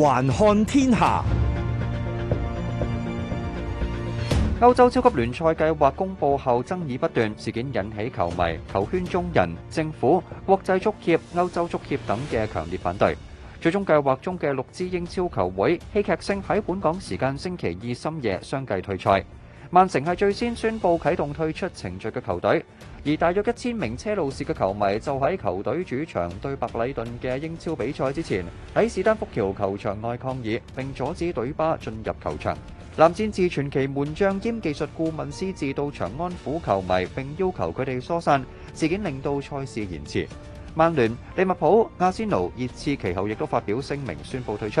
環看天下，歐洲超級聯賽計劃公布後爭議不斷，事件引起球迷、球圈中人、政府、國際足協、歐洲足協等嘅強烈反對。最終計劃中嘅六支英超球會戲劇性喺本港時間星期二深夜相繼退賽。曼城係最先宣布啟動退出程序嘅球隊，而大約一千名車路士嘅球迷就喺球隊主場對白禮頓嘅英超比賽之前，喺史丹福橋球場外抗議並阻止隊巴進入球場。藍戰士傳奇門將兼技術顧問私自到場安撫球迷並要求佢哋疏散，事件令到賽事延遲。曼聯、利物浦、阿仙奴、熱刺其後亦都發表聲明宣布退出。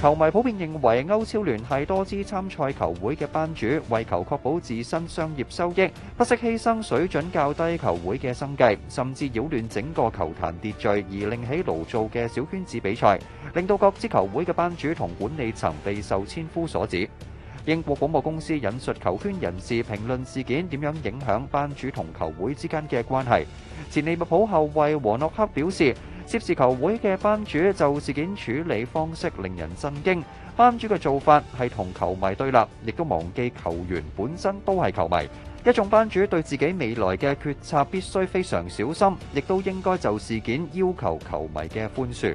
球迷普遍認為，歐超聯係多支參賽球會嘅班主，為求確保自身商業收益，不惜犧牲水準較低球會嘅生計，甚至擾亂整個球壇秩序，而另起爐灶嘅小圈子比賽，令到各支球會嘅班主同管理層備受千夫所指。英國廣播公司引述球圈人士評論事件點樣影響班主同球會之間嘅關係。前利物浦後衛和諾克表示，涉事球會嘅班主就事件處理方式令人震驚。班主嘅做法係同球迷對立，亦都忘記球員本身都係球迷。一眾班主對自己未來嘅決策必須非常小心，亦都應該就事件要求球迷嘅寬恕。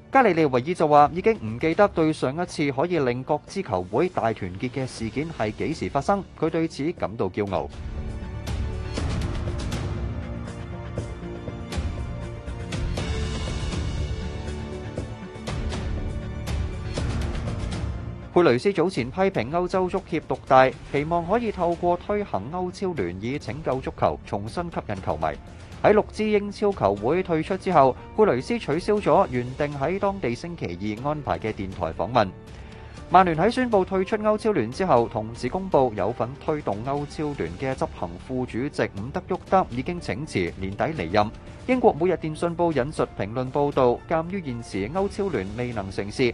加利利維爾就話：已經唔記得對上一次可以令各支球會大團結嘅事件係幾時發生。佢對此感到驕傲。佩雷斯早前批評歐洲足協獨大，期望可以透過推行歐超聯以拯救足球，重新吸引球迷。喺六支英超球會退出之後，佩雷斯取消咗原定喺當地星期二安排嘅電台訪問。曼聯喺宣布退出歐超聯之後，同時公佈有份推動歐超聯嘅執行副主席伍德沃德已經請辭，年底離任。英國每日電訊報引述評論報道，鑑於現時歐超聯未能成事。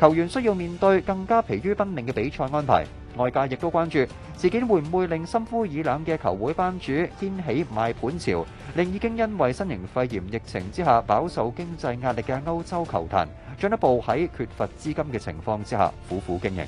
球員需要面對更加疲於奔命嘅比賽安排，外界亦都關注事件會唔會令心灰意冷嘅球會班主掀起賣盤潮，令已經因為新型肺炎疫情之下飽受經濟壓力嘅歐洲球壇進一步喺缺乏資金嘅情況之下苦苦經營。